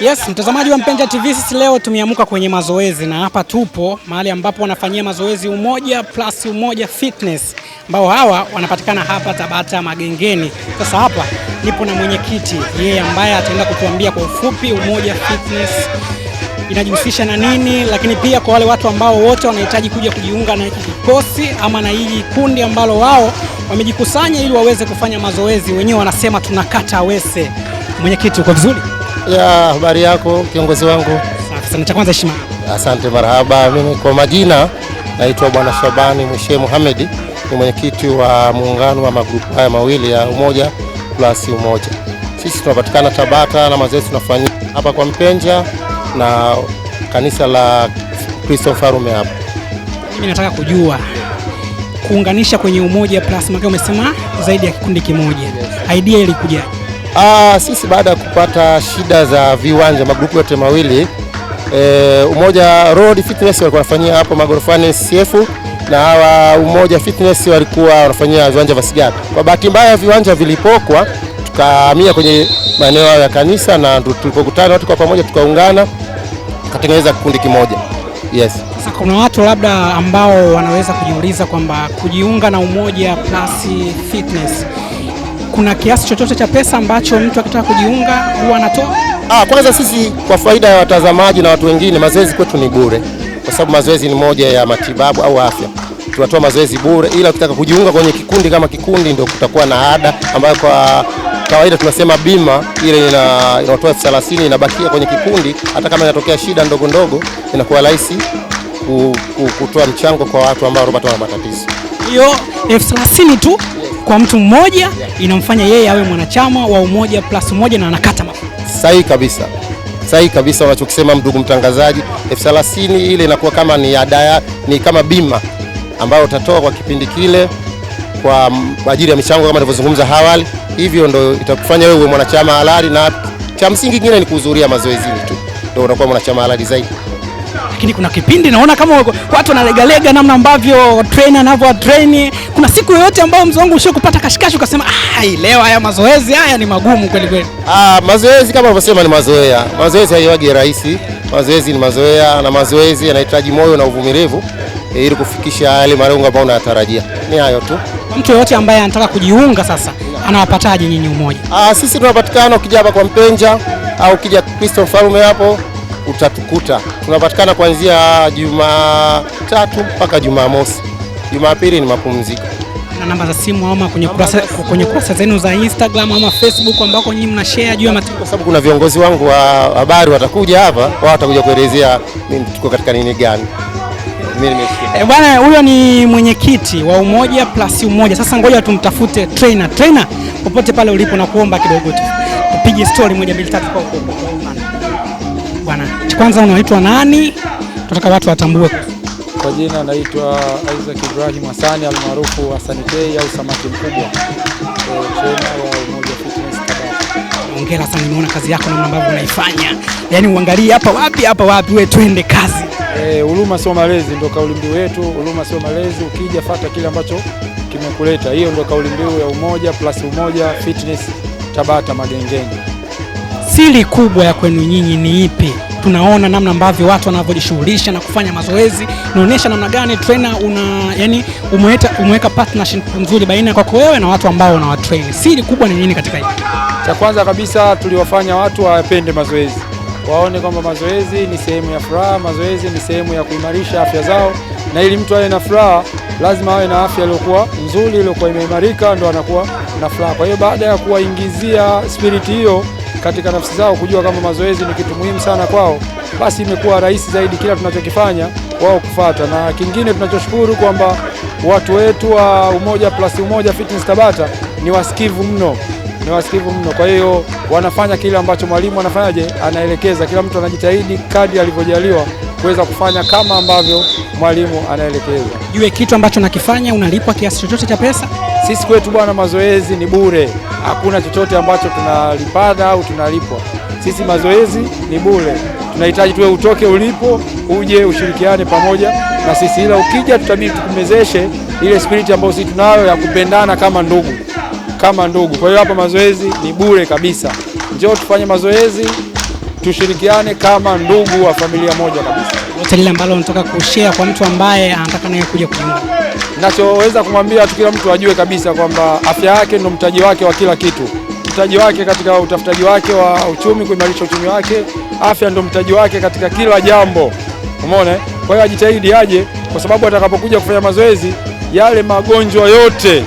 Yes, mtazamaji wa Mpenja TV, sisi leo tumeamuka kwenye mazoezi na hapa tupo mahali ambapo wanafanyia mazoezi Umoja Plus Umoja Fitness ambao hawa wanapatikana hapa Tabata Magengeni. Sasa hapa nipo na mwenyekiti yeye, ambaye ataenda kutuambia kwa ufupi Umoja Fitness inajihusisha na nini, lakini pia kwa wale watu ambao wote wanahitaji kuja kujiunga na hiki kikosi ama na hili kundi ambalo wao wamejikusanya ili waweze kufanya mazoezi, wenyewe wanasema tunakata wese. Mwenyekiti, uko vizuri? ya habari yako kiongozi wangu? Safi sana, cha kwanza heshima. Asante, marhaba. Mimi kwa majina naitwa Bwana Shabani Mwishe Muhamedi ni mwenyekiti wa muungano wa magrupu haya mawili ya Umoja plus Umoja. Sisi tunapatikana Tabata na mazoezi tunafanyia hapa kwa Mpenja na kanisa la Kristo Mfarume hapa. Mimi nataka kujua kuunganisha kwenye Umoja plus maka, umesema zaidi ya kikundi kimoja, idea ilikuja? Ah, sisi baada ya kupata shida za viwanja magrupu yote mawili e, Umoja Road Fitness walikuwa wanafanyia hapo magorofani CF na hawa Umoja Fitness walikuwa wanafanyia viwanja vya Sigara. Kwa bahati mbaya viwanja vilipokwa, tukahamia kwenye maeneo hayo ya kanisa, na tulipokutana watu kwa pamoja, tukaungana tukatengeneza kikundi kimoja. Yes. Sasa kuna watu labda ambao wanaweza kujiuliza kwamba kujiunga na Umoja Plus Fitness kuna kiasi chochote cha pesa ambacho mtu akitaka kujiunga huwa anatoa? Ah, kwanza sisi kwa faida ya watazamaji na watu wengine, mazoezi kwetu ni bure sababu mazoezi ni moja ya matibabu au afya. Tunatoa mazoezi bure, ila ukitaka kujiunga kwenye kikundi kama kikundi, ndio kutakuwa na ada ambayo kwa kawaida tunasema bima ile ina, inatoa elfu thelathini inabakia kwenye kikundi. Hata kama inatokea shida ndogo ndogo, inakuwa rahisi kutoa mchango kwa watu ambao wanapata matatizo. Hiyo elfu thelathini tu kwa mtu mmoja inamfanya yeye awe mwanachama wa Umoja Plus Umoja na anakata mafuta. Sahihi kabisa sahihi kabisa wanachokisema ndugu mtangazaji. elfu thelathini ile inakuwa kama ni ada, ni kama bima ambayo utatoa kwa kipindi kile kwa ajili ya michango kama nilivyozungumza hawali. Hivyo ndo itakufanya wewe mwanachama halali, na cha msingi kingine ni kuhudhuria mazoezini tu ndo unakuwa mwanachama halali zaidi lakini kuna kipindi naona kama watu wanalegalega namna ambavyo trainer anavyo train. Kuna siku yoyote ambayo mzee wangu ushakupata kashikashi ukasema ah, leo haya mazoezi haya ni magumu kweli kweli? Ah, mazoezi kama unavyosema ni mazoea, mazoezi haiwagi rahisi, mazoezi ni mazoea, na mazoezi yanahitaji moyo na uvumilivu ili kufikisha yale malengo ambayo unayatarajia. Ni hayo tu. Mtu yoyote ambaye anataka kujiunga sasa anawapataje nyinyi umoja? Ah, sisi tunapatikana ukija hapa kwa Mpenja au ukija Kristo Mfalume hapo utatukuta. Tunapatikana kuanzia Jumatatu mpaka Jumamosi. Jumapili ni mapumziko. Na namba za simu ama kwenye kurasa kwenye kurasa zenu za Instagram ama Facebook ambako nyinyi mna share juu ya matukio, kwa sababu kuna viongozi wangu wa habari watakuja hapa, wao watakuja kuelezea mimi tuko katika nini gani. E, bwana huyo ni mwenyekiti wa Umoja Plus Umoja. Sasa ngoja tumtafute trainer. Trainer, popote pale ulipo na kuomba kidogo tu tupige story moja mbili tatu kwa huko. Isaac, kwanza unaitwa nani? Tunataka watu watambue. Kwa jina naitwa Isaac Ibrahim Hasani almaarufu Hasani K au samaki mkubwa, trainer eh, wa Umoja Fitness Hongera sana, nimeona kazi yako namna ambavyo unaifanya, yaani uangalie hapa wapi hapa wapi, we twende kazi. Eh, Huruma sio malezi, ndio kauli mbiu yetu. Huruma sio malezi, ukija fata kile ambacho kimekuleta. Hiyo ndio kauli mbiu ya Umoja plus Umoja Fitness Tabata Magengeni. Siri kubwa ya kwenu nyinyi ni ipi? tunaona namna ambavyo watu wanavyojishughulisha na kufanya mazoezi, naonyesha namna gani trainer una yani umeweka umeweka partnership nzuri baina ya kwako wewe na watu ambao unawatrain. Siri kubwa ni nini katika hili? Cha kwanza kabisa tuliwafanya watu wapende mazoezi, waone kwamba mazoezi ni sehemu ya furaha, mazoezi ni sehemu ya kuimarisha afya zao, na ili mtu awe na furaha lazima awe na afya iliyokuwa nzuri, iliyokuwa imeimarika, ndo anakuwa na furaha. Kwa hiyo baada ya kuwaingizia spiriti hiyo katika nafsi zao kujua kama mazoezi ni kitu muhimu sana kwao, basi imekuwa rahisi zaidi kila tunachokifanya wao kufata. Na kingine tunachoshukuru kwamba watu wetu wa Umoja plus Umoja Fitness Tabata ni wasikivu mno, ni wasikivu mno. Kwa hiyo wanafanya kile ambacho mwalimu anafanyaje, anaelekeza. Kila mtu anajitahidi kadri alivyojaliwa kuweza kufanya kama ambavyo mwalimu anaelekeza. Jue kitu ambacho nakifanya, unalipwa kiasi chochote cha pesa. Sisi kwetu bwana, mazoezi ni bure hakuna chochote ambacho tunalipana au tunalipwa. Sisi mazoezi ni bure, tunahitaji tuwe utoke ulipo uje ushirikiane pamoja na sisi, ila ukija tutabidi tukumezeshe ile spiriti ambayo sisi tunayo ya kupendana kama ndugu, kama ndugu. Kwa hiyo hapa mazoezi ni bure kabisa, njoo tufanye mazoezi tushirikiane kama ndugu wa familia moja kabisa. Lote lile ambalo nataka kushare kwa mtu ambaye anataka naye kuja kujiunga nachoweza kumwambia tu kila mtu ajue kabisa kwamba afya yake ndo mtaji wake wa kila kitu, mtaji wake katika utafutaji wake wa uchumi, kuimarisha uchumi wake. Afya ndo mtaji wake katika kila jambo, umeona. Kwa hiyo ajitahidi aje, kwa sababu atakapokuja kufanya mazoezi yale magonjwa yote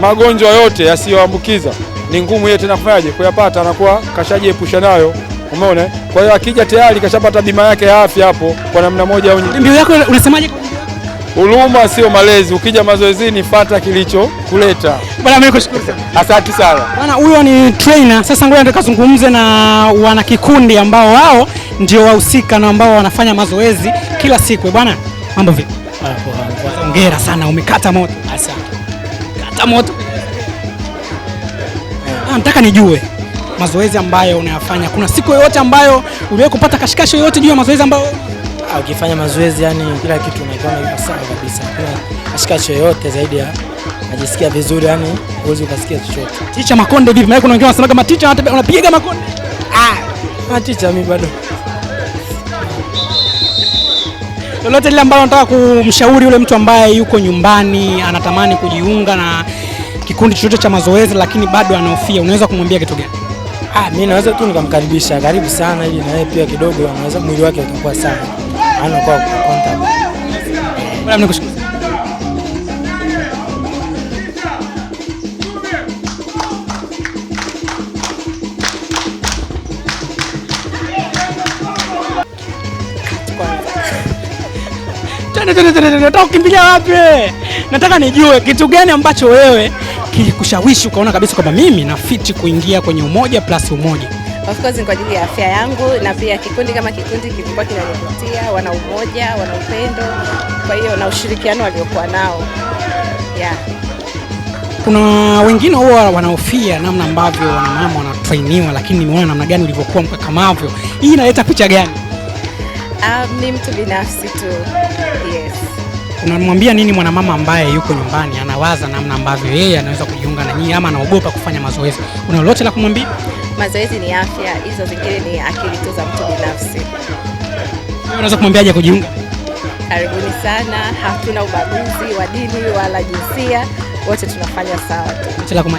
magonjwa yote yasiyoambukiza ni ngumu yeye tena kufanyaje kuyapata, anakuwa kashajiepusha nayo, umeona. Kwa hiyo akija tayari kashapata bima yake ya afya hapo, kwa namna moja au nyingine. Ndio yako unasemaje? Huruma sio malezi, ukija mazoezini fata kilicho kuleta. Bwana, nakushukuru sana. Asante sana. Bwana, huyo ni trainer. Sasa ngoja nikazungumze na wana kikundi ambao wao ndio wahusika na ambao wanafanya mazoezi kila siku. Eh, bwana, mambo vipi? Ah, Hongera sana, umekata moto. Asante. Kata moto. Ah, nataka nijue mazoezi ambayo unayafanya, kuna siku yoyote ambayo uliwahi kupata kashikashi yoyote juu ya mazoezi ambayo akifanya mazoezi, yani kila kitu unakiona sawa kabisa, ashika chochote zaidi ya najisikia vizuri, yani uwezi ukasikia chochote. Ticha Makonde vipi? Maana kuna wengine wanasema kama ticha unapiga Makonde. Ah, Ah, ticha mimi bado lolote lile ambalo nataka kumshauri yule mtu ambaye yuko nyumbani anatamani kujiunga na kikundi chochote cha mazoezi lakini bado anahofia, unaweza kumwambia kitu gani? Ah, mimi naweza tu nikamkaribisha, karibu sana, ili na yeye pia kidogo anaweza mwili wake utakuwa sawa. Ana kwa contact. Bwana mnikushukuru. Nataka kukimbilia wapi? Nataka nijue kitu gani ambacho wewe kilikushawishi ukaona kabisa kwamba mimi nafiti kuingia kwenye Umoja Plus Umoja. Of course kwa ajili ya afya yangu, na pia kikundi kama kikundi kilikuwa kinanivutia, wana umoja, wana upendo, kwa hiyo na ushirikiano waliokuwa nao yeah. Kuna wengine huwa wanaofia namna ambavyo wanamama wanatrainiwa, lakini nimeona namna gani ulivyokuwa mkakamavyo. Hii inaleta picha gani? Um, ni mtu binafsi tu. Yes. Unamwambia nini mwanamama ambaye yuko nyumbani anawaza namna ambavyo yeye anaweza kujiunga na nyinyi ama anaogopa kufanya mazoezi? Una lolote la kumwambia? mazoezi ni afya, hizo zingine ni akili tu za mtu binafsi. Unaweza kumwambiaje kujiunga? Karibuni sana, hatuna ubaguzi wa dini wala jinsia, wote tunafanya sawa tu.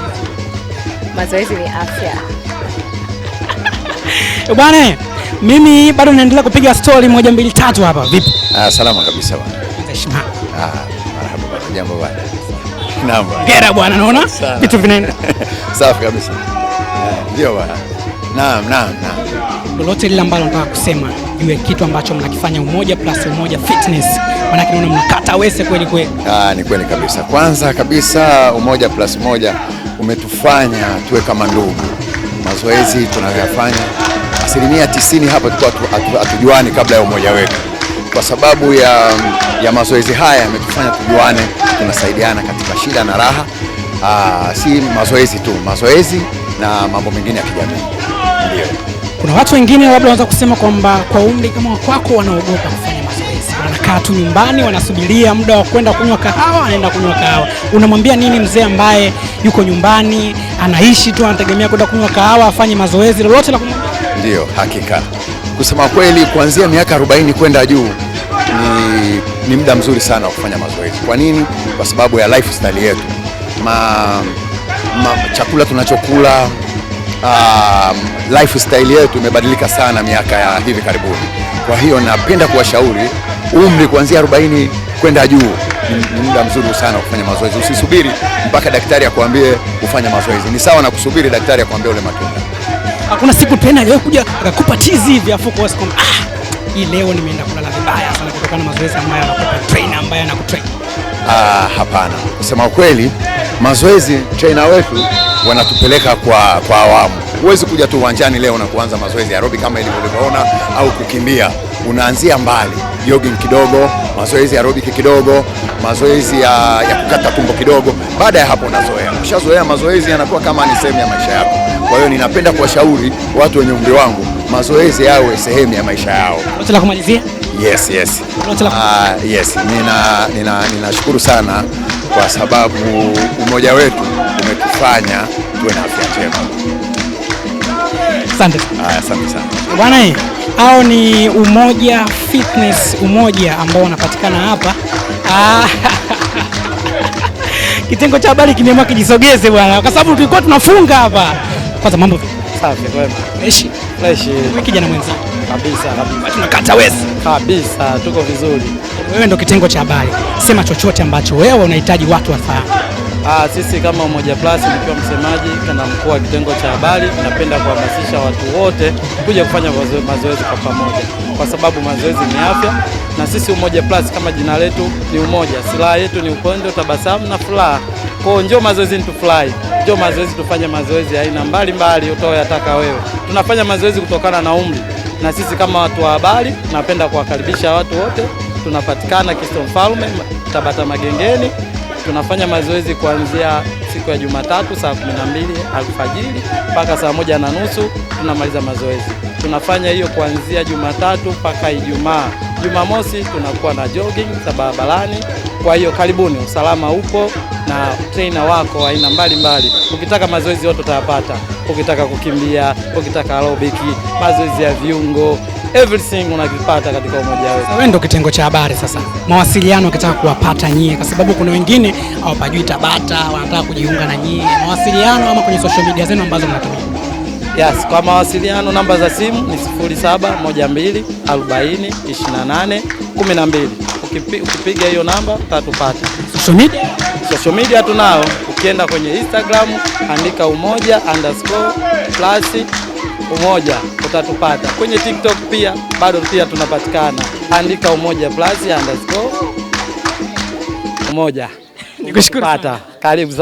mazoezi ni afya. Bwana, mimi bado naendelea kupiga stori moja mbili tatu hapa. Vipi? Ah, salama kabisa bwana. Heshima. Ah, marhaba bwana. Jambo bwana. Naam bwana. Gera bwana, naona vitu vinaenda. Safi kabisa ndio bwana. Naam, naam, naam. Lolote lile ambalo nataka kusema iwe kitu ambacho mnakifanya Umoja Plus Umoja Fitness, maanake naona mnakata wese kweli kweli. Ah, ni kweli kabisa. Kwanza kabisa Umoja Plus Umoja umetufanya tuwe kama ndugu. Mazoezi tunayoyafanya asilimia tisini hapa tulikuwa hatujuani kabla ya umoja wetu. Kwa sababu ya, ya mazoezi haya yametufanya tujuane, tunasaidiana katika shida na raha. Ah, si mazoezi tu, mazoezi na mambo mengine ya kijamii. Ndio kuna watu wengine labda wanaweza kusema kwamba kwa umri kama wakwako wanaogopa kufanya mazoezi, wanakaa tu nyumbani, wanasubiria muda wa kwenda kunywa kahawa, anaenda kunywa kahawa. Unamwambia nini mzee ambaye yuko nyumbani, anaishi tu, anategemea kwenda kunywa kahawa, afanye mazoezi lolote la kumwambia? Ndio, hakika kusema kweli, kuanzia miaka 40 kwenda juu ni, ni muda mzuri sana wa kufanya mazoezi. Kwa nini? Kwa sababu ya lifestyle yetu ma ma, chakula tunachokula uh, lifestyle yetu imebadilika sana miaka ya hivi karibuni. Kwa hiyo napenda kuwashauri, umri kuanzia 40 kwenda juu ni muda mzuri sana kufanya mazoezi. Usisubiri mpaka daktari akwambie ufanye mazoezi, ni sawa na kusubiri daktari akwambie ule matunda. Hakuna siku tena leo kuja akakupa chizi hivi afu kwa siku ah, hii leo nimeenda kulala vibaya sana kutokana na mazoezi ambayo anakupa trainer ambaye anakutrain. Ah, hapana, kusema ukweli mazoezi trainer wetu wanatupeleka kwa, kwa awamu. Huwezi kuja tu uwanjani leo na kuanza mazoezi aerobi kama ilivyoona au kukimbia, unaanzia mbali, jogging kidogo, mazoezi ya aerobic kidogo, mazoezi ya, ya kukata tumbo kidogo. Baada ya hapo unazoea, ukishazoea mazoezi yanakuwa kama ni sehemu ya maisha yako. Kwa hiyo ninapenda kuwashauri watu wenye umri wangu mazoezi yawe sehemu ya maisha yao. la kumalizia Yes, yes. Uh, yes. Nina, nina, ninashukuru sana kwa sababu umoja wetu umetufanya tuwe na afya njema. Asante. Ah, asante sana. Bwana, hao ni Umoja Fitness, umoja ambao wanapatikana hapa ah, kitengo cha habari kimeamua kijisogeze bwana, kwa sababu tulikuwa tunafunga hapa. Kwanza mambo safi, kwema. Eshi. Fresh. Kijana mwenza. Kabisa kabisa. nakata wezi. Kabisa, tuko vizuri. Wewe ndo kitengo cha habari, sema chochote ambacho wewe unahitaji watu wafahamu. Aa, ah, sisi kama Umoja Plus nikiwa msemaji kana mkuu wa kitengo cha habari, napenda kuhamasisha watu wote kuja kufanya mazoezi kwa pamoja, kwa sababu mazoezi ni afya, na sisi Umoja Plus kama jina letu ni umoja, silaha yetu ni upendo, tabasamu na furaha. hiyo njoo ni tufurahi, njoo mazoezi tufanye mazoezi aina mbalimbali utaoyataka wewe. Tunafanya mazoezi kutokana na umri, na sisi kama watu wa habari, napenda kuwakaribisha watu wote. Tunapatikana Kisto Mfalme Tabata Magengeni tunafanya mazoezi kuanzia siku ya Jumatatu saa 12 alfajiri mpaka saa moja na nusu tunamaliza mazoezi. Tunafanya hiyo kuanzia Jumatatu mpaka Ijumaa. Jumamosi tunakuwa na jogging za barabarani. Kwa hiyo karibuni, usalama upo na trainer wako aina mbalimbali. Ukitaka mazoezi yote utayapata, ukitaka kukimbia, ukitaka aerobic, mazoezi ya viungo everything unakipata katika umoja wetu. Wewe ndio kitengo cha habari sasa, mawasiliano ukitaka kuwapata nyie, kwa sababu kuna wengine hawapajui Tabata wanataka kujiunga na nyie, mawasiliano ama kwenye social media zenu ambazo mnatumia Yes, kwa mawasiliano namba za simu ni 0712 40 28 12. Ukipiga hiyo namba utatupata. Social media? Social media tunao, ukienda kwenye Instagram andika umoja underscore plus umoja utatupata. Kwenye TikTok pia bado pia tunapatikana, andika umoja plus underscore umoja. Nikushukuru. Karibu.